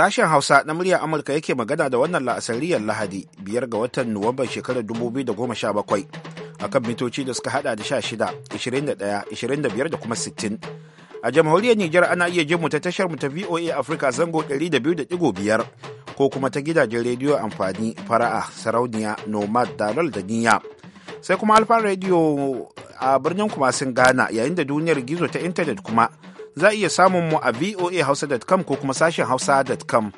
Sashen Hausa na murya Amurka yake magana da wannan la'asariyar Lahadi biyar ga watan Nuwamban shekarar 2017 kan mitoci da suka hada da 16, 21, 25 da kuma 60. A jamhuriyar Nijar ana iya jin mu ta tashar mu ta VOA Africa zango 200.5 ko kuma ta gidajen rediyo amfani fara'a sarauniya nomad dalal da niyya. Sai kuma alfa rediyo a birnin kuma sun Ghana yayin da duniyar gizo ta intanet kuma za a iya samun mu a voahausa.com ko kuma sashen hausa.com.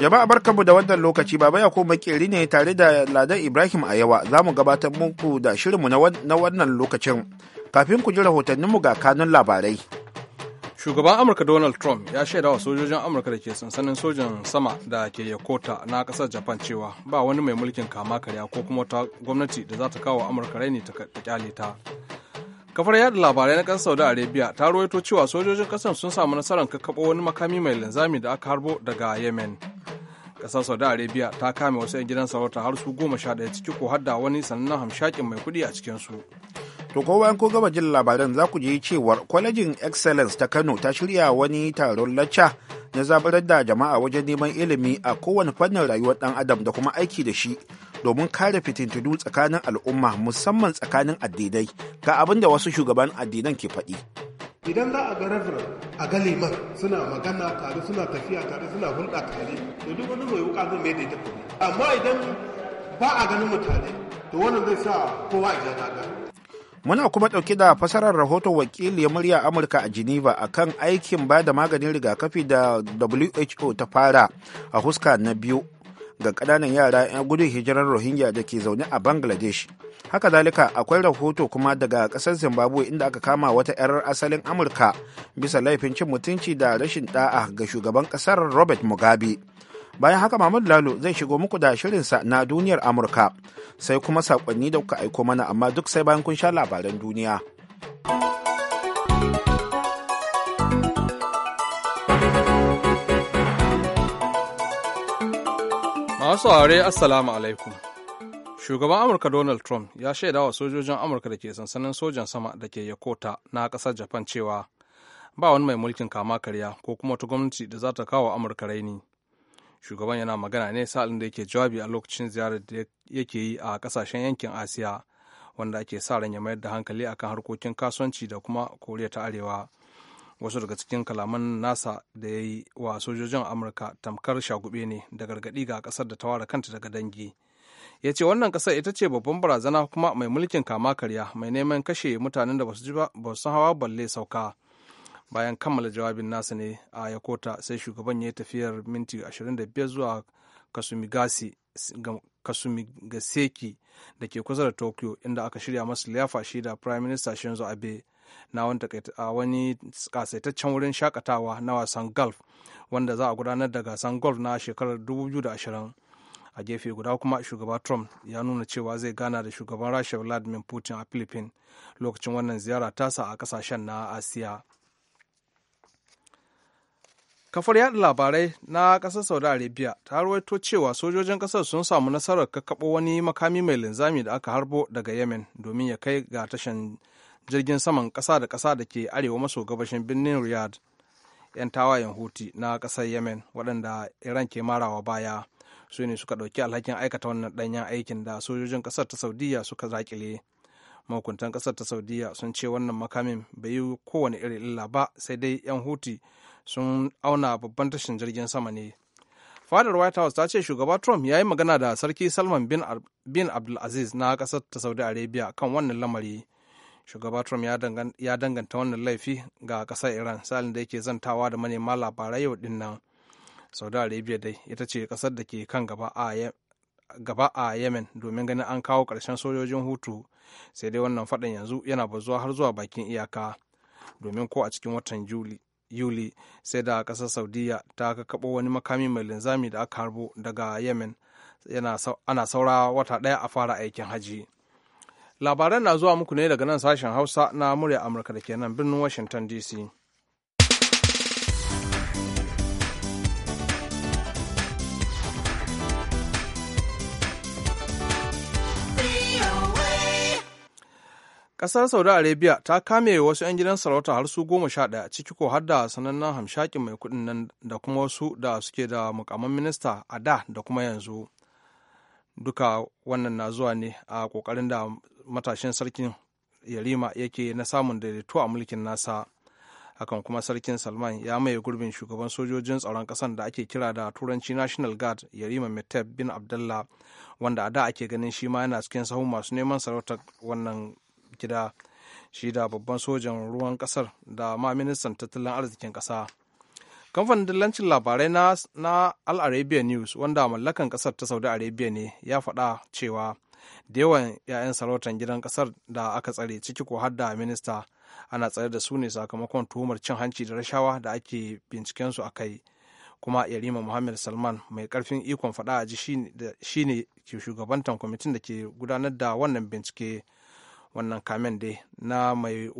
Jama'a barkanmu da wannan lokaci baba ya ko makeri ne tare da Ladan Ibrahim a yawa za mu gabatar muku da shirinmu na wannan lokacin. Kafin ku ji rahotanninmu ga kanun labarai. shugaban amurka donald trump ya shaidawa sojojin amurka da ke sansanin sojan sama da ke yakota na kasar japan cewa ba wani mai mulkin kama karya ko kuma ta gwamnati da za ta kawo amurka raini ta kyale ta kafar yada labarai na kasar saudi arabia ta ruwaito cewa sojojin kasar sun samu nasarar kakkaɓo wani makami mai linzami da aka harbo daga yemen kasar saudi arabia ta kame wasu 'yan gidan sarauta har su goma sha ɗaya ciki ko hadda wani sannan hamshakin mai kuɗi a cikinsu To ko ko gaba jin labaran za ku ji cewar kwalejin Excellence ta Kano ta shirya wani taron lacca na zabarar da jama'a wajen neman ilimi a kowane fannin rayuwar ɗan adam da kuma aiki da shi domin kare fitintunu tsakanin al'umma musamman tsakanin addinai ga abin da wasu shugaban addinan ke faɗi. Idan za a ga reverend a ga liman suna magana tare suna tafiya tare suna hulɗa tare to duk wani mai wuka zai mai da ita amma idan ba a ganin mutane to wannan zai sa kowa ya ga Muna kuma ɗauke da fasarar rahoton wakili murya Amurka a Geneva a kan aikin ba da maganin rigakafi da WHO ta fara a huska na biyu ga ƙananan yara 'yan gudun hijirar Rohingya da ke zaune a Bangladesh. Haka zalika akwai rahoto kuma daga ƙasar Zimbabwe inda aka kama wata 'yar asalin Amurka bisa laifin cin mutunci da rashin da'a ga shugaban ƙasar Robert Mugabe. bayan haka mamadu Lalo zai shigo muku da shirinsa na duniyar Amurka sai kuma sakonni da kuka aiko mana amma duk sai bayan kun sha labaran duniya. Masu aure Assalamu alaikum. Shugaban Amurka Donald Trump ya shaida wa sojojin Amurka da ke sansanin sojan sama da ke Yakota na ƙasar Japan cewa ba wani mai mulkin kama karya ko kuma wata gwamnati da za ta kawo Amurka raini. shugaban yana magana ne sa'alin da yake jawabi a lokacin ziyarar da yake yi a kasashen yankin asiya wanda ake sa ran ya mayar da hankali akan harkokin kasuwanci da kuma koriya ta arewa wasu daga cikin kalaman nasa da ya yi wa sojojin amurka tamkar shagube ne da gargadi ga kasar da ta ware kanta daga dangi ya ce wannan ƙasar ita ce babban barazana kuma mai mulkin kama karya mai neman kashe mutanen da ba su hawa balle sauka bayan kammala jawabin nasa ne a yakota sai shugaban ya yi tafiyar minti 25 zuwa kasumigaseki da ke kusa da tokyo inda aka shirya masu liyafa da prime minister shinzo abe na wani kasaitaccen wurin shakatawa na wasan golf wanda za a gudanar da gasan golf na shekarar 2020 a gefe guda kuma shugaba trump ya nuna cewa zai gana da shugaban rasha vladimir putin a philippines lokacin wannan ziyara tasa a kasashen na asiya kafar yada labarai na kasar saudi arabia ta ruwaito cewa sojojin kasar sun samu nasarar kakkaɓo wani makami mai linzami da aka harbo daga yemen domin ya kai ga tashan jirgin saman ƙasa da ƙasa da ke arewa maso gabashin birnin riyadh 'yan tawayen huti na ƙasar yemen waɗanda iran ke marawa baya su ne suka ɗauki alhakin aikata wannan ɗanyen aikin da sojojin ƙasar ta saudiya suka zakile mahukuntan ƙasar ta saudiya sun ce wannan makamin bai yi kowane irin illa ba sai dai 'yan huti sun auna babban tashin jirgin sama ne fadar white house ta ce shugaba trump ya yi magana da sarki salman bin abdulaziz na kasar ta saudi arabia kan wannan lamari shugaba trump ya danganta wannan laifi ga kasar iran salin da yake zantawa da manema labarai yau din nan saudi arabia dai ita ce kasar da ke kan gaba a yemen domin ganin an kawo ƙarshen sojojin hutu sai dai wannan faɗin yanzu yana bazuwa har zuwa bakin iyaka domin ko a cikin watan juli yuli sai da ƙasar saudiya ta kaɓo wani makami mai linzami da aka harbo daga yemen ana saura wata ɗaya a fara aikin haji labaran na zuwa muku ne daga nan sashen hausa na murya amurka da ke nan birnin washington dc Ƙasar Saudi Arabia ta kame wasu 'yan gidan sarauta har su goma sha ɗaya ciki ko har da sanannen hamshakin mai kuɗin nan da kuma wasu da suke da mukamman minista a da da kuma yanzu. Duka wannan na zuwa ne a kokarin da matashin sarkin Yarima yake na samun daidaito a mulkin nasa. Hakan kuma sarkin Salman ya maye gurbin shugaban sojojin tsaron kasan da ake kira da turanci National Guard Yarima Metab bin Abdullah wanda a da ake ganin shi ma yana cikin sahun masu neman sarautar wannan gida shi da babban sojan ruwan kasar da ma ministan tattalin arzikin kasa kamfanin dillancin labarai na, na al arabia news wanda mallakan kasar ta saudi arabia ne ya faɗa cewa da yawan 'ya'yan sarautar gidan kasar da aka tsare ciki ko har minista ana tsare da su ne sakamakon tuhumar cin hanci da rashawa da ake bincikensu a kai kuma yarima muhammad salman mai karfin ikon faɗa a ji shine ke shugabantar kwamitin da ke gudanar da wannan bincike wannan kamen dai na mai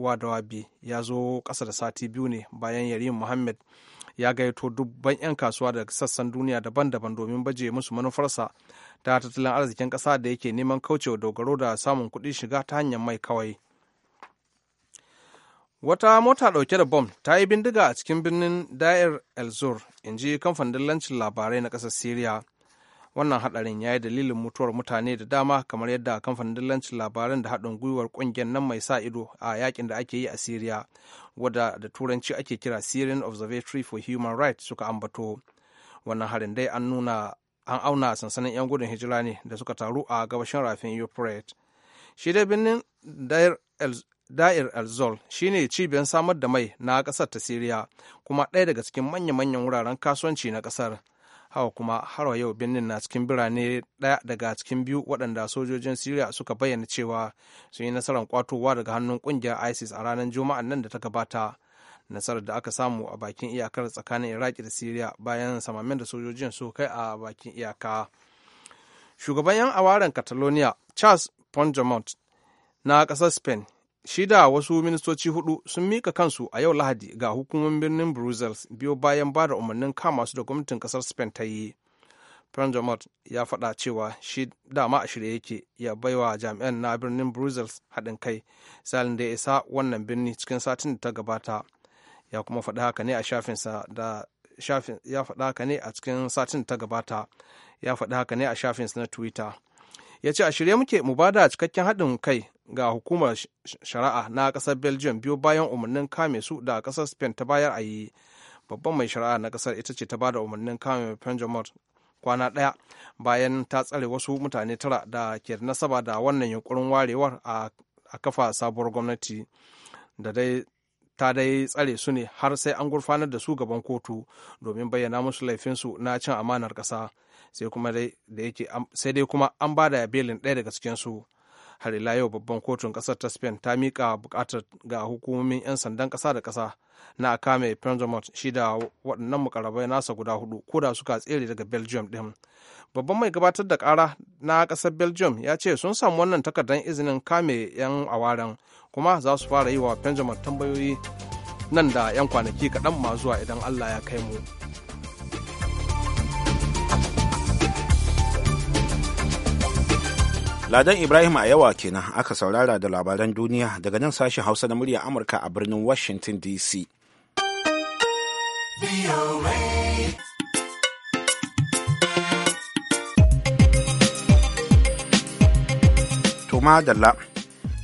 bi ya zo kasa da sati biyu ne bayan yarim muhammad ya gaito dubban 'yan kasuwa daga sassan duniya daban-daban domin baje musu manufarsa ta tattalin arzikin kasa da yake neman kaucewa dogaro da samun kuɗin shiga ta hanyar mai kawai wata mota ɗauke da bom ta yi bindiga a cikin birnin da'ir el zur in ji kamfanin lancin labarai na ƙasar syria wannan hadarin ya yi dalilin mutuwar mutane da dama kamar yadda kamfanin dillancin labaran da haɗin gwiwar ƙungiyar nan mai sa ido a yakin da ake yi a syria wadda da turanci ake kira syrian observatory for human rights suka ambato wannan harin dai an nuna an auna sansanin 'yan gudun hijira ne da suka taru a gabashin rafin euphrates shi dai birnin da'ir elzol zol shi ne cibiyar samar da mai na kasar ta siriya kuma ɗaya daga cikin manya-manyan wuraren kasuwanci na kasar hawa kuma har yau birnin na cikin birane ɗaya daga cikin biyu waɗanda sojojin syria suka bayyana cewa sun yi nasarar kwatowa daga hannun ƙungiyar isis a ranar juma'an nan da ta gabata nasarar da aka samu a bakin iyakar tsakanin iraki da syria bayan samamin da sojojin su kai a bakin iyaka shugaban yan awaren catalonia charles pongemont na ƙasar spain shida wasu ministoci hudu sun mika kansu a yau lahadi ga hukumomin birnin brussels biyo bayan ba da umarnin kama su da gwamnatin kasar spain ta yi Pranjamot ya faɗa cewa shi dama a shirye yake ya baiwa jami'an na birnin Brussels haɗin kai salin da ya isa wannan birni cikin satin da ta gabata. Ya kuma faɗa haka ne a shafinsa da shafin ya faɗa haka ne a cikin satin da ta gabata. Ya faɗa haka ne a shafinsa na Twitter. ya ce a shirye muke mu ba da cikakken haɗin kai ga hukumar shari'a na ƙasar belgium biyu bayan umarnin kame su da ƙasar spain ta bayar a yi babban mai shari'a na ƙasar ita ce ta ba da umarnin kame penjamot kwana ɗaya bayan ta tsare wasu mutane tara da ke nasaba da wannan yunkurin warewar a kafa sabuwar gwamnati da dai ta dai tsare su ne har sai an gurfanar da su gaban kotu domin bayyana musu laifinsu na cin amanar ƙasa sai dai kuma an ba da belin ɗaya daga cikinsu har ila yau babban kotun ƙasar ta spain ta miƙa buƙatar ga hukumomin 'yan sandan ƙasa da kasa na kame pendlemont shi da waɗannan mukarabai nasa guda hudu ko da suka tsere daga belgium ɗin babban mai gabatar da ƙara na ƙasar belgium ya ce sun samu wannan takardar izinin kame 'yan awaren kuma za su fara yi wa pendlemont tambayoyi nan da 'yan kwanaki kaɗan ma zuwa idan allah ya kai mu. Ladan Ibrahim a yawa kenan aka saurara da labaran duniya daga nan sashen Hausa na murya Amurka a birnin Washington DC. Tuma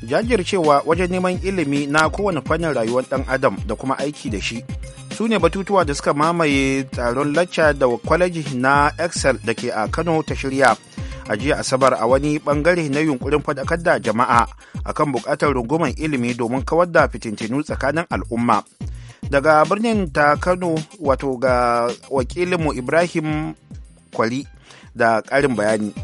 jajircewa wajen neman ilimi na kowane fannin rayuwar ɗan adam da kuma aiki da shi su ne batutuwa da suka mamaye taron lacca da kwaleji na excel da ke a kano ta shirya a jiya asabar a wani bangare na yunkurin fadakar da jama'a akan bukatar rungumar ilimi domin kawar da fitintinu tsakanin al'umma daga birnin ta kano wato ga wakilinmu ibrahim kwali da karin bayani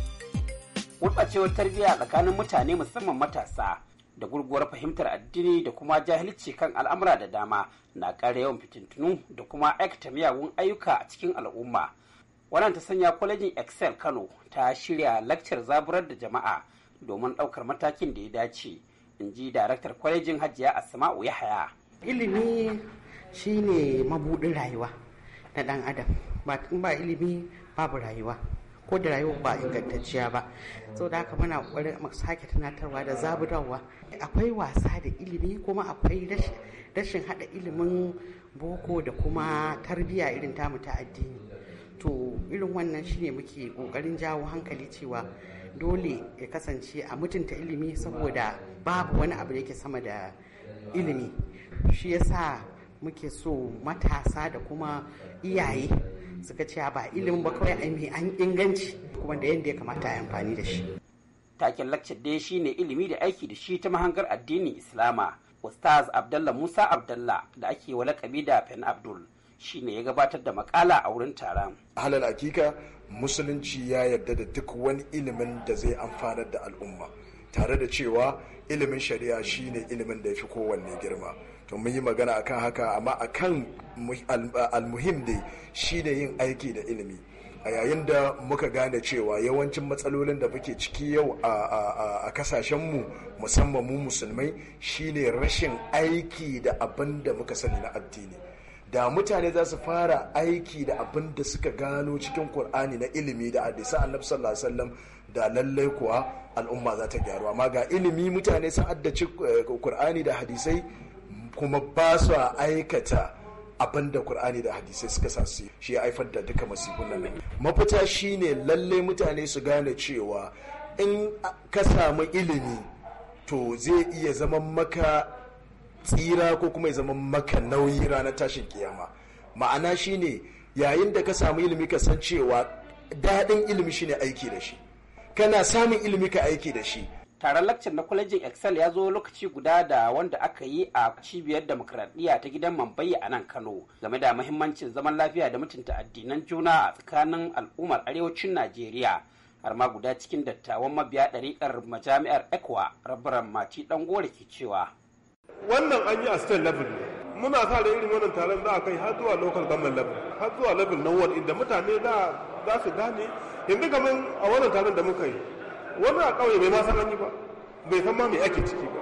gurɓacewar tarbiyya tsakanin mutane musamman matasa da gurguwar fahimtar addini da kuma jahilci kan al'amura da dama na ƙara yawan fitintunu da kuma aikata miyagun ayyuka a cikin al'umma wannan ta sanya kwalejin excel kano ta shirya lakcar zaburar da jama'a domin ɗaukar matakin da ya dace in ji daraktar kwalejin hajiya asma'u yahaya ilimi shine mabudin rayuwa na dan adam ba in ba ilimi babu rayuwa ko da rayuwa ba ingantacciya ba sau da haka muna ƙoƙarin sake tunatarwa da zaburarwa akwai wasa da ilimi kuma akwai rashin haɗa ilimin boko da kuma tarbiyya irin tamu ta addini to irin wannan shine muke kokarin jawo hankali cewa dole ya kasance a mutunta ilimi saboda babu wani abu yake sama da ilimi shi yasa muke so matasa da kuma iyaye suka ce ba ilimin ba kawai a mai an inganci kuma da yadda ya kamata a amfani da shi taken lakcin dai shine ilimi da aiki da shi ta mahangar addinin islama ustaz abdallah musa abdallah da ake wa lakabi da fen abdul shine ya gabatar da makala a wurin taron. halal hakika musulunci ya yarda da duk wani ilimin da zai amfanar da al'umma tare da cewa ilimin shari'a shine ilimin da ya fi kowanne girma to mun yi magana akan haka amma akan almuhim dai shine yin aiki da ilimi a yayin da muka gane cewa yawancin matsalolin da muke ciki yau a kasashenmu musamman mu musulmai shine rashin aiki da abin da muka sani na addini da mutane za su fara aiki da abin da suka gano cikin Kur'ani na ilimi da hadisa annabi sallallahu alaihi da lallai kuwa al'umma za ta gyaru amma ga ilimi mutane sun addaci Kur'ani eh, da hadisai kuma ba su aikata abin da Kur'ani da hadisai suka sa su shi ya haifar da duka masifun nan mafita shine lallai mutane su gane cewa in ka samu ilimi to zai iya zaman maka tsira ko kuma ya zama maka nauyi ranar tashin kiyama ma'ana shine yayin da ka samu ilimi ka san cewa daɗin ilimi shine aiki da shi kana samun ilimi ka aiki da shi taron lakcin na kwalejin excel ya zo lokaci guda da wanda aka yi a cibiyar demokradiyya ta gidan mambayi a nan kano game da mahimmancin zaman lafiya da mutunta addinan juna a tsakanin al'ummar arewacin najeriya har ma guda cikin dattawan mabiya ɗariƙar majami'ar ekwa rabaran mati ɗan ke cewa wannan an yi a state level ne muna sa da irin wannan taron za a kai har zuwa local government level har zuwa level na ward inda mutane za su gane yanzu kamar a wannan taron da muka yi wani a ƙauye bai ma san an yi ba bai san ma me ake ciki ba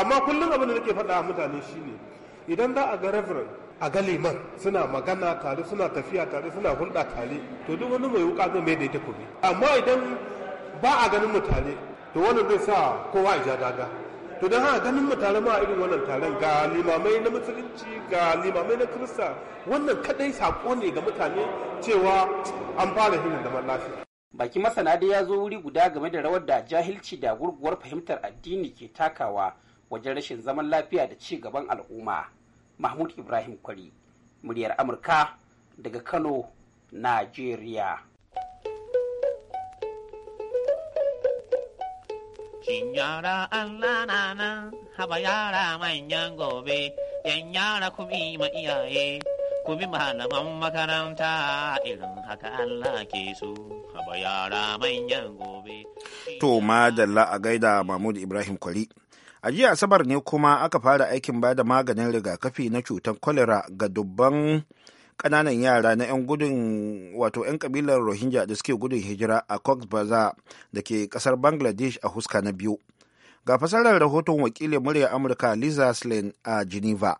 amma kullum abin da nake faɗa mutane shine idan za a ga reverend a ga liman suna magana tare suna tafiya tare suna hulɗa tare to duk wani mai wuka zai mai da ita amma idan ba a ganin mutane to wannan zai sa kowa ya ja daga to don haka ganin mu tare ma irin wannan taron ga limamai na musulunci ga limamai na kirista wannan kadai sako ne ga mutane cewa an fara hin da mallafi baki masana dai ya zo wuri guda game da rawar da jahilci da gurguwar fahimtar addini ke takawa wajen rashin zaman lafiya da ci gaban al'umma mahmud ibrahim kwari muryar amurka daga kano najeriya Shin yara Allah na nan haba yara manyan gobe, yan yara ku bi ma iyaye, ku bi malaman makaranta irin haka Allah ke so, habayara yara manyan gobe. To, madalla a gaida Mahmud Ibrahim Kwali. A jiya Asabar ne kuma aka fara aikin bada maganin rigakafi na cutar kwalera ga dubban ƙananan yara na 'yan gudun wato 'yan kabilar rohingya da suke gudun hijira a cox bazar da ke kasar bangladesh a huska na biyu ga fasarar rahoton wakilin murya amurka liza slane a geneva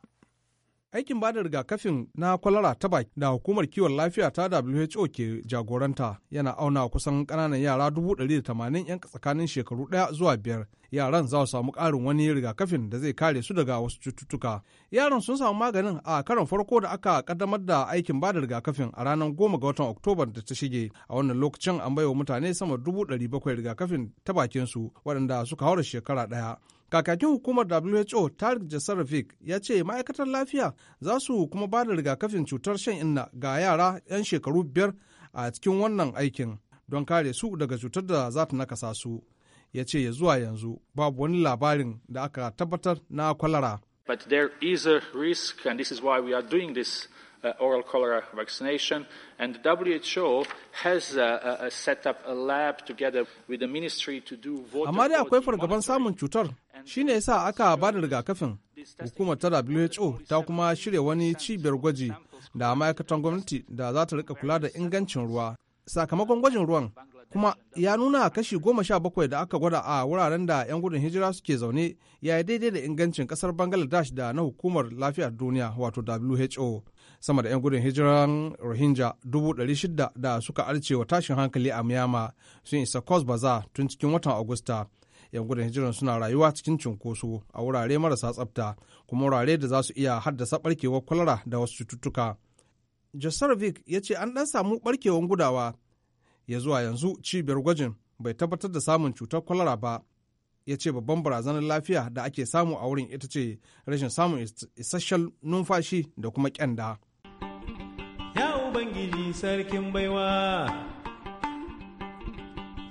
aikin bada rigakafin na kwalara ta baki da hukumar kiwon lafiya ta WHO ke jagoranta yana auna kusan kananan yara dubu 180 'yan tsakanin shekaru 1 zuwa biyar yaran za su samu ƙarin wani rigakafin da zai kare su daga wasu cututtuka yaran sun samu maganin a karon farko da aka kaddamar da aikin bada rigakafin a ranar goma ga watan oktoba da ta shige a wannan lokacin an baiwa mutane sama dubu 700 rigakafin ta bakinsu su waɗanda suka haura shekara ɗaya Kakakin hukumar WHO tarik jasarovic ya ce ma'aikatar lafiya za su kuma ba da rigakafin cutar shan inna ga yara 'yan shekaru biyar a cikin wannan aikin don kare su daga cutar da za ta nakasa su. Ya ce ya zuwa yanzu babu wani labarin da aka tabbatar na kwalara. is risk Uh, oral cholera vaccination. And WHO has uh, uh, set up a lab together with the ministry to do water Amma dai akwai fargaban samun cutar, shi ne sa aka ba da rigakafin. Hukumar ta WHO ta kuma shirya wani cibiyar gwaji da ma'aikatan gwamnati da za ta rika kula da ingancin ruwa. Sakamakon gwajin ruwan kuma ya nuna kashi goma sha bakwai da aka gwada a wuraren da 'yan gudun hijira suke zaune ya yi daidai da ingancin kasar bangladesh da na hukumar lafiyar duniya wato who sama da 'yan gudun hijiran rohingya 600 da suka arce wa tashin hankali a miyama sun isa kwas baza tun cikin watan agusta 'yan gudun hijiran suna rayuwa cikin cunkoso a wurare marasa tsafta kuma wurare da za su iya haddasa barkewar kwalara da wasu cututtuka jasarvik ya ce an ɗan samu barkewar gudawa ya zuwa yanzu cibiyar gwajin bai tabbatar da samun cutar kwalara ba ya ce babban barazanar lafiya da ake samu a wurin ita ce rashin samun isasshen numfashi da kuma kyanda. Ubangiji sarkin baiwa.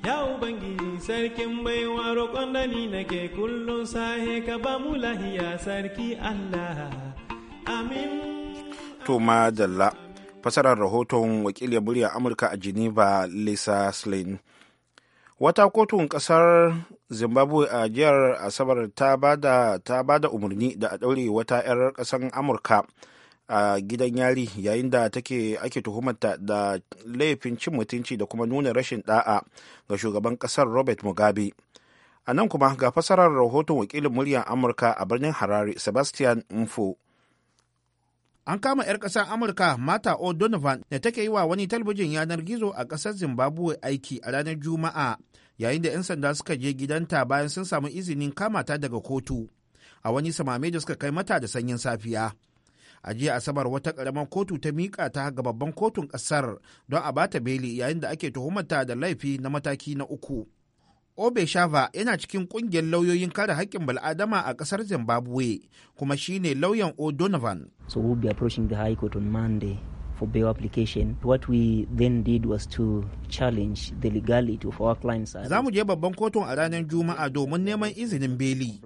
Ya Ubangiji sarkin baiwa roƙon da ni nake kullum sahe ka ba mu lahiya sarki Allah. Amin. To Jalla, fasarar rahoton wakiliyar murya Amurka a Geneva, Lisa Slain. wata kotun kasar zimbabwe a jihar asabar ta ba da umarni da a ɗaure wata 'yar ƙasar amurka a gidan yari yayin da take ake tuhumarta da laifin cin mutunci da kuma nuna rashin da'a ga shugaban kasar robert mugabe a nan kuma ga fasarar rahoton wakilin muryar amurka a birnin harare sebastian mfo an kama 'yar ƙasar amurka mata o'donovan da take yi wa wani talbijin yanar gizo a ƙasar zimbabwe aiki a ranar juma'a yayin da 'yan sanda suka je gidanta bayan sun samu izinin kamata daga kotu a wani samame da suka kai mata da sanyin safiya a jiya asabar wata karamar kotu ta miƙa ta ga babban kotun ƙasar don a bata beli yayin da ake tuhumarta da laifi na mataki na uku obe shava yana cikin kungiyar lauyoyin kare haƙƙin bal'adama a ƙasar zimbabwe kuma shine lauyan o'donovan so we'll be approaching the high for bail application. What we then did was to challenge the legality of our clients. Za mu je babban kotun a ranar Juma'a domin neman izinin beli.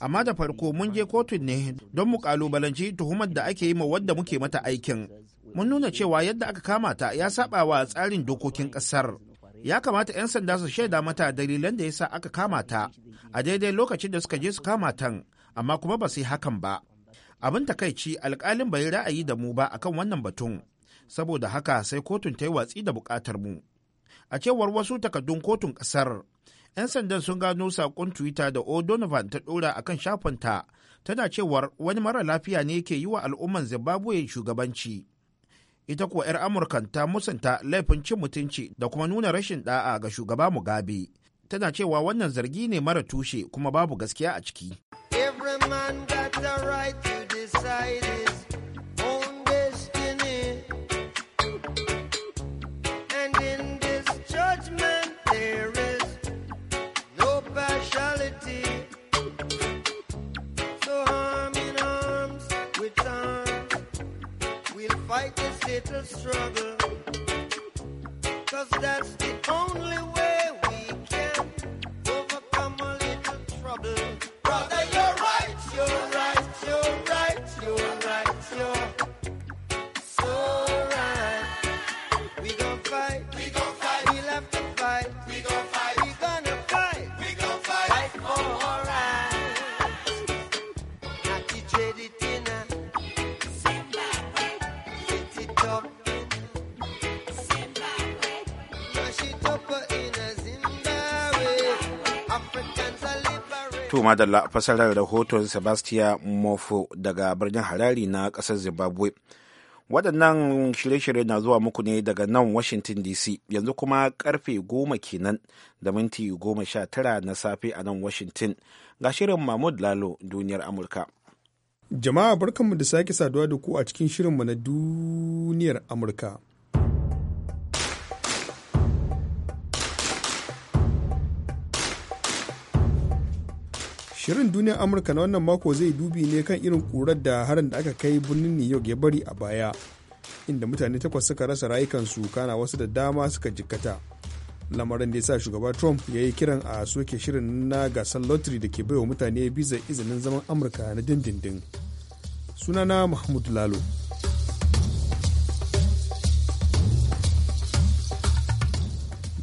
Amma da farko mun je kotun ne don mu kalubalanci tuhumar da ake yi ma wadda muke mata aikin. Mun nuna cewa yadda aka kama ta ya saba wa tsarin dokokin kasar. Ya kamata 'yan sanda su shaida mata dalilan da yasa aka kama ta a daidai lokacin da suka je su kama tan, amma kuma ba su yi hakan ba. Abin takaici alkalin bai ra'ayi da mu ba akan wannan batun. saboda haka sai kotun ta yi watsi da bukatar mu a cewar wasu takaddun kotun ƙasar 'yan sandan sun gano sakon twitter da o'donovan ta dora akan shafinta tana cewar wani mara lafiya ne ke yi wa al'umman zimbabwe shugabanci ita kuwa 'yar amurkan ta musanta laifin cin mutunci da kuma nuna rashin da'a ga shugaba mugabe tana cewa wannan zargi ne mara tushe kuma babu gaskiya a ciki Every man got the right to decide his fight this little struggle. Cause that's the only way. da fasarar rahoton sebastia mofo daga birnin harari na kasar zimbabwe waɗannan shirye-shirye na zuwa muku ne daga nan washington dc yanzu kuma karfe goma kenan da minti goma sha tara na safe a nan washington ga shirin mahmud lalo duniyar amurka jama'a barkanmu da sake saduwa da ku a cikin shirinmu na duniyar amurka Shirin duniyar Amurka na wannan mako zai dubi ne kan irin ƙurar da harin da aka kai birnin New York ya bari a baya, inda mutane takwas suka rasa rayukansu kana wasu da dama suka jikkata. Lamarin da ya sa shugaba Trump ya yi kiran a soke shirin na gasar lottery da ke baiwa mutane biza izinin zaman Amurka na dindindin. Sunana Mahmud Lalo.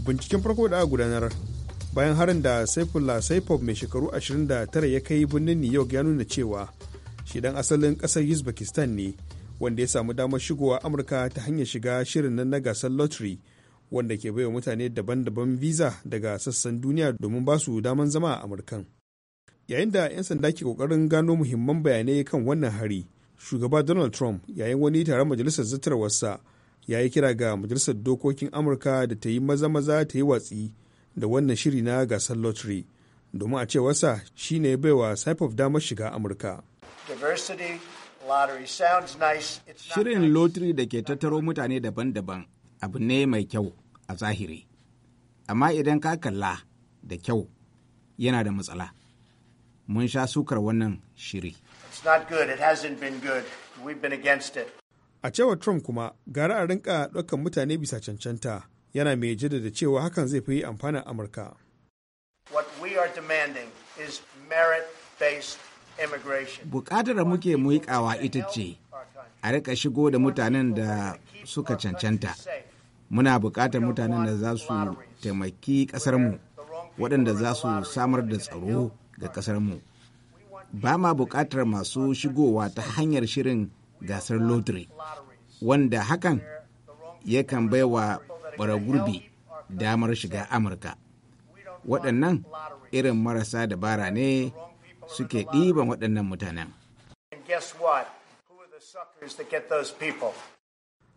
binciken farko da aka gudanar bayan harin da saifullah saipov mai shekaru 29 ya kai birnin new york ya nuna cewa shi dan asalin kasar uzbekistan ne wanda ya samu damar shigowa amurka ta hanyar shiga shirin nan na gasar lottery wanda ke baiwa mutane daban-daban visa daga sassan duniya domin ba su daman zama a amurkan yayin da 'yan sanda ke kokarin gano muhimman bayanai kan wannan hari shugaba donald trump yayin wani taron majalisar zatarwarsa ya yi kira ga majalisar dokokin amurka da ta yi maza-maza ta yi watsi da wannan shiri na gasar lottery domin a cewarsa ne baiwa saipov damar shiga amurka shirin lottery da ke tattaro mutane daban-daban abu ne mai kyau a zahiri amma idan ka kalla da kyau yana da matsala mun sha sukar wannan shiri a cewa trump kuma gara a rinka ɗaukan mutane bisa cancanta yana mai jaddada cewa hakan zai fi amfanin amurka what we are demanding is merit based immigration bukatar muke muikawa ita ce a rika shigo da mutanen da suka cancanta muna bukatar mutanen da za su taimaki ƙasarmu waɗanda za su samar da tsaro ga ƙasarmu ba ma bukatar masu shigowa ta hanyar shirin gasar lottery wanda hakan yakan baiwa bara gurbi damar shiga amurka waɗannan irin marasa dabara ne suke ɗiban waɗannan mutanen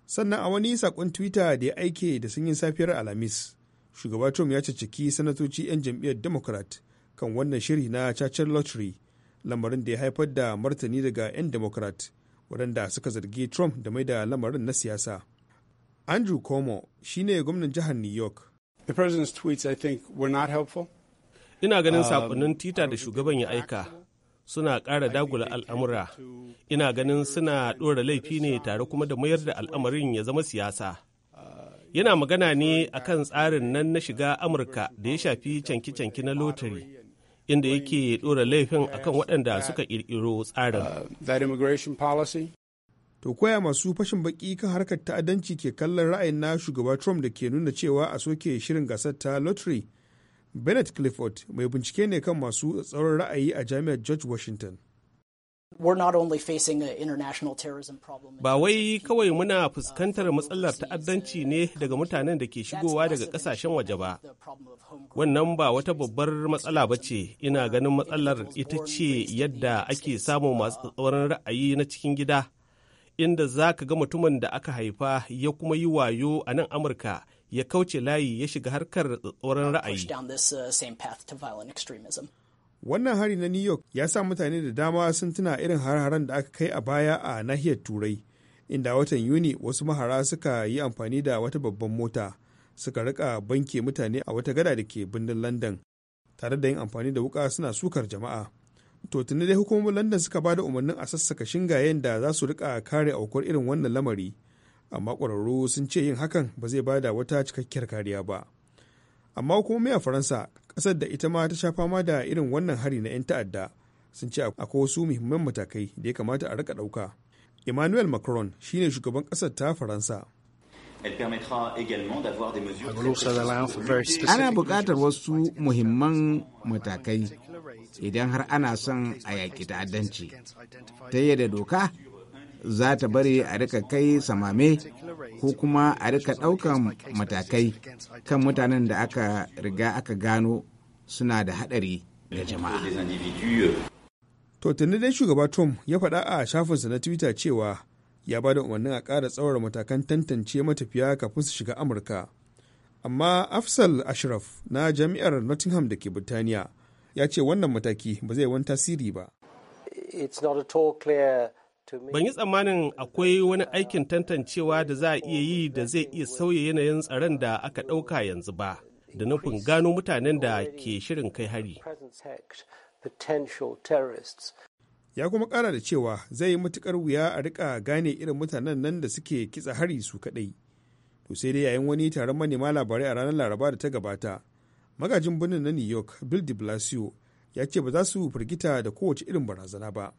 sannan a wani saƙon twitter da ya aike da sanyin safiyar alhamis shugaba trump ya ciki sanatoci 'yan jam'iyyar democrat kan wannan shiri na cacar lottery lamarin da ya haifar da martani daga 'yan democrat waɗanda suka zargi trump da mai da lamarin na siyasa Andrew Cuomo shi ne gwamnan jihar New York. The president's tweets, I think, were not helpful. Ina ganin um, sakonnin tita da shugaban ya aika suna ƙara dagula al'amura. Ina ganin suna ɗora laifi ne tare kuma da mayar da al'amarin ya zama siyasa. Yana magana ne a kan tsarin nan na shiga Amurka da ya shafi canki-canki na lotari, inda yake ɗora laifin akan waɗanda suka ƙirƙiro tsarin. Uh, to koya masu fashin baki kan harkar ta'addanci ke kallon ra'ayin na shugaba trump da ke nuna cewa a soke shirin gasar ta lottery bennett clifford mai bincike ne kan masu tsaron ra'ayi a jami'ar george washington Ba wai kawai muna fuskantar matsalar ta'addanci ne daga mutanen da ke shigowa daga kasashen waje ba. Wannan ba wata babbar matsala ba ce, ina ganin matsalar ita ce yadda ake samun masu tsatsauran ra'ayi na cikin gida inda za ka ga mutumin da aka haifa ya kuma yi wayo a nan Amurka ya kauce layi ya shiga harkar tsoron ra'ayi. Uh, Wannan hari na New York ya sa mutane da dama sun tuna irin har-haren da aka kai a baya a nahiyar Turai, inda watan Yuni wasu mahara suka yi amfani da wata babban mota suka rika banke mutane a wata gada da ke birnin London, tare da yin amfani da wuka suna sukar jama'a. to tuni dai hukumomin london suka ba da umarnin a sassaka shingayen da za su rika kare aukuwar irin wannan lamari amma ƙwararru sun ce yin hakan ba zai bada wata cikakkiyar kariya ba amma hukumomi a faransa ƙasar da ita ma ta sha fama da irin wannan hari na 'yan ta'adda sun ce akwai wasu muhimman matakai da ya kamata a rika ɗauka emmanuel macron shine shugaban ƙasar ta faransa Ana buƙatar wasu muhimman matakai idan har ana son a yaƙi ta'addanci. Ta yadda doka za ta bari a rika kai samame ko kuma a rika ɗaukan matakai kan mutanen da aka riga aka gano suna da haɗari ga jama'a. Euh, to, tuni dai shugaba Tom ya faɗa a shafinsa na Twitter cewa ya ba da umarnin a ƙara tsawar matakan tantance matafiya kafin su shiga amurka amma afsal ashraf na jami'ar nottingham da ke birtaniya ya ce wannan mataki ba zai wani tasiri ba ban yi tsammanin akwai wani aikin tantancewa da za a iya yi da zai iya sauya yanayin tsaron da aka ɗauka yanzu ba da nufin gano mutanen da ke shirin kai hari ya kuma kara da cewa zai yi matukar wuya a rika gane irin mutanen nan da suke kitsa hari su kadai to sai dai yayin wani taron manema labarai a ranar laraba da ta gabata magajin birnin na new york bill de blasio ya ce ba za su firgita da kowace irin barazana ba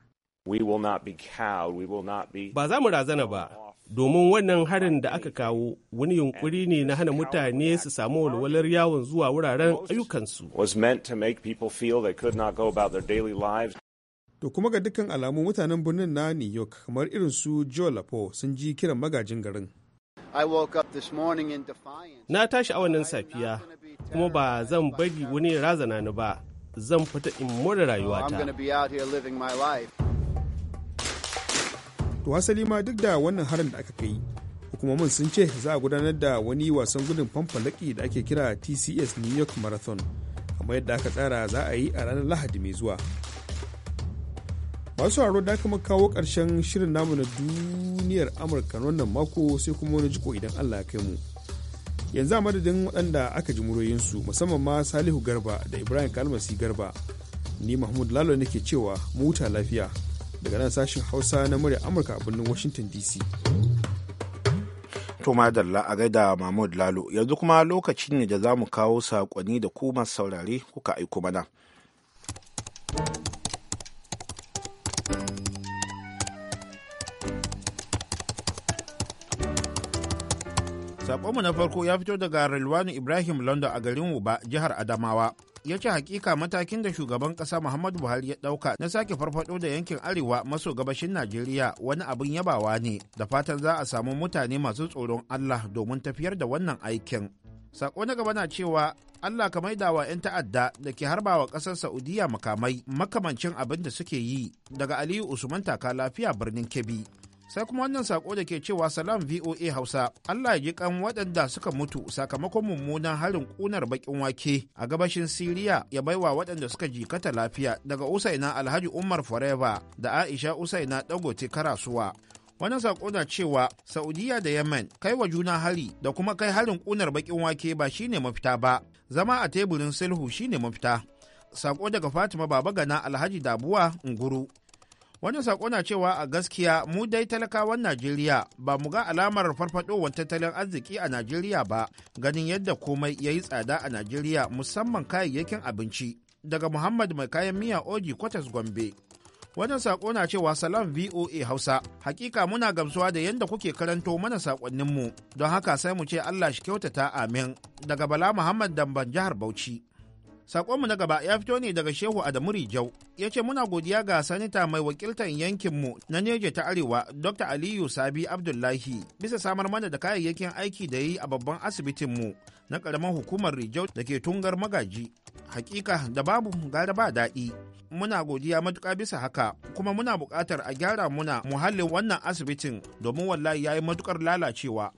ba za mu razana ba domin wannan harin da aka kawo wani yunkuri ne na hana mutane su samu walwalar yawon zuwa wuraren ayyukansu to kuma ga dukkan alamu mutanen birnin na new york kamar irin su joe lapo sun ji kiran magajin garin na tashi a wannan safiya kuma ba zan bari wani razana ni ba zan fita in more rayuwata to hasali ma duk da wannan harin da aka kai hukumomin sun ce za a gudanar da wani wasan gudun famfalaki da ake kira tcs new york marathon kamar yadda aka tsara za a yi a ranar lahadi mai zuwa masu haro da kuma kawo ƙarshen shirin namu na duniyar amurka wannan mako sai kuma wani jiko idan allah ya kai mu yanzu a madadin waɗanda aka ji muroyinsu musamman ma salihu garba da ibrahim kalmasi garba ni mahmud lalo nake cewa muta lafiya daga nan sashen hausa na murya amurka a birnin washington dc to madalla a gaida mahmud lalo yanzu kuma lokaci ne da za mu kawo saƙonni da kuma saurare kuka aiko mana. Sakonmu na farko ya fito daga Rilwanu Ibrahim London a garin Wuba, jihar Adamawa. Ya ce hakika matakin da shugaban kasa Muhammadu Buhari ya ɗauka na sake farfado da yankin Arewa maso gabashin Najeriya wani abin yabawa ne da fatan za a samu mutane masu tsoron Allah domin tafiyar da wannan aikin. Sako na gaba na cewa Allah ka maida wa 'yan ta'adda da ke harba wa ƙasar Saudiya makamai makamancin abin da suke yi daga Aliyu Usman taka lafiya birnin Kebbi. sai kuma wannan sako da ke cewa salam voa hausa allah ya ji kan waɗanda suka mutu sakamakon mummunan harin ƙunar bakin wake a gabashin siriya ya baiwa waɗanda suka jikata lafiya daga usaina alhaji umar forever da aisha usaina dangote karasuwa wannan sako na cewa saudiya da yemen kai wa juna hari da kuma kai harin ƙunar bakin wake ba shine mafita ba zama a teburin sulhu shine mafita sako daga fatima baba gana alhaji dabuwa nguru Wani sako na cewa a gaskiya mu dai talakawan Najeriya ba mu ga alamar farfadowar tattalin arziki a Najeriya ba ganin yadda komai ya yi tsada a Najeriya musamman kayayyakin abinci. Daga Muhammad mai kayan miya Oji Kwatas Gombe. Wannan sako na cewa salam VOA Hausa, hakika muna gamsuwa da yadda kuke karanto mana sakonninmu, don haka sai mu ce Allah shi kyautata amin. Daga Bala Muhammad Damban jihar Bauchi. Sakonmu na gaba ya fito ne daga Shehu Adamu Rijau, ya ce muna godiya ga sanita mai wakiltar yankinmu na Neje ta Arewa, Dr. Aliyu Sabi Abdullahi, bisa samar mana da kayayyakin aiki da yi a babban asibitinmu na ƙaramin hukumar Rijau da ke tungar magaji. Hakika da babu gara ba daɗi. Muna godiya matuƙa bisa haka, kuma muna buƙatar a gyara muna muhallin wannan asibitin domin wallahi ya yi matuƙar lalacewa.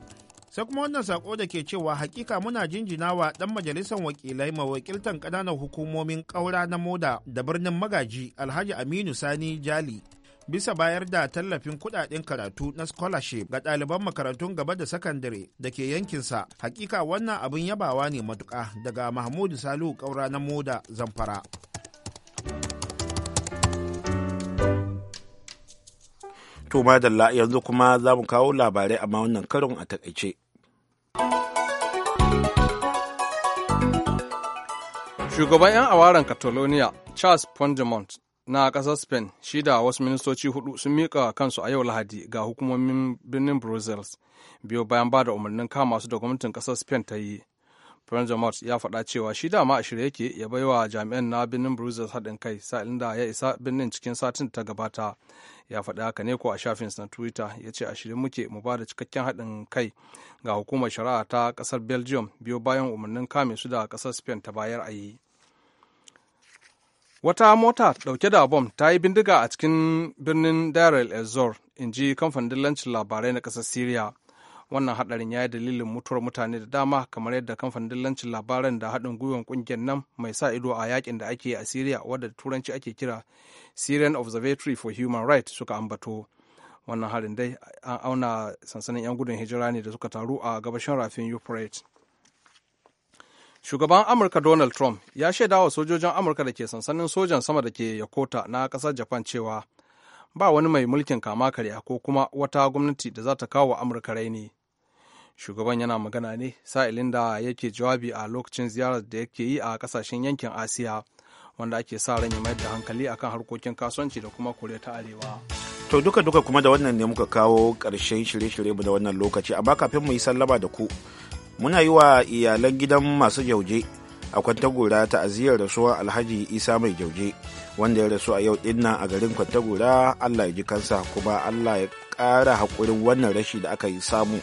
sai kuma wannan sako da ke cewa hakika muna jinjinawa wa dan majalisar wakilai mawakiltan kananan hukumomin ƙaura na moda da birnin magaji alhaji aminu sani jali bisa bayar da tallafin kudaden karatu na scholarship ga ɗaliban makarantun gaba da sakandare da ke yankinsa hakika wannan abin yabawa ne matuka daga mahmudu salihu ƙaura na moda zamfara To madalla yanzu kuma za mu kawo labarai amma wannan karin a takaice. Shugaban 'yan awaren Catalonia Charles Pondemont na ƙasar Spain shi da wasu ministoci hudu sun miƙa kansu a yau Lahadi ga hukumomin birnin Brussels biyo bayan ba da umarnin kama su da gwamnatin ƙasar Spain ta yi Pranjamout ya faɗa cewa shi dama a shirye yake ya baiwa jami'an na birnin Brussels haɗin kai sa'ilin da ya isa birnin cikin satin da ta gabata. Ya faɗa haka ne ko a shafin na Twitter ya ce a shirye muke mu ba da cikakken haɗin kai ga hukumar shari'a ta ƙasar Belgium biyo bayan umarnin kame su da ƙasar Spain ta bayar a yi. Wata mota ɗauke da bom ta yi bindiga a cikin birnin Dar el Zor, in ji kamfanin dillancin labarai na ƙasar Syria. wannan hadarin ya yi dalilin mutuwar mutane da dama kamar yadda kamfanin dillancin labaran da haɗin gwiwar ƙungiyar nan mai sa ido a yakin da ake a syria wadda turanci ake kira syrian observatory for human rights suka ambato wannan harin dai an auna sansanin 'yan gudun hijira ne da suka taru a gabashin rafin euphrates shugaban amurka donald trump ya shaida wa sojojin amurka da ke sansanin sojan sama da ke yakota na kasar japan cewa ba wani mai mulkin kama karya ko kuma wata gwamnati da za ta kawo amurka raini shugaban yana magana ne sa'ilin da yake jawabi a lokacin ziyarar da yake yi a kasashen yankin asiya wanda ake sa ran ya da hankali akan harkokin kasuwanci da kuma kore ta arewa to duka duka kuma da wannan ne muka kawo ƙarshen shirye-shirye mu da wannan lokaci amma kafin mu yi sallama da ku muna yi wa iyalan gidan masu jauje a kwantagora ta'aziyar rasuwar alhaji isa mai jauje wanda ya rasu a yau dinnan a garin kwantagora allah ya ji kansa kuma allah ya kara haƙurin wannan rashi da aka yi samu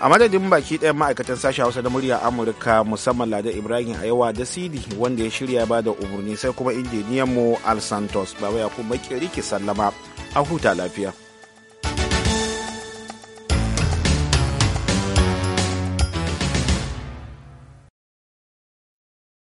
a madadin baki ɗaya ma'aikatan sashen hausa da murya amurka musamman lada ibrahim a yawa da sidi wanda ya shirya ba da umarni sai kuma injiniyan mu al santos baba ya kuma ke sallama a huta lafiya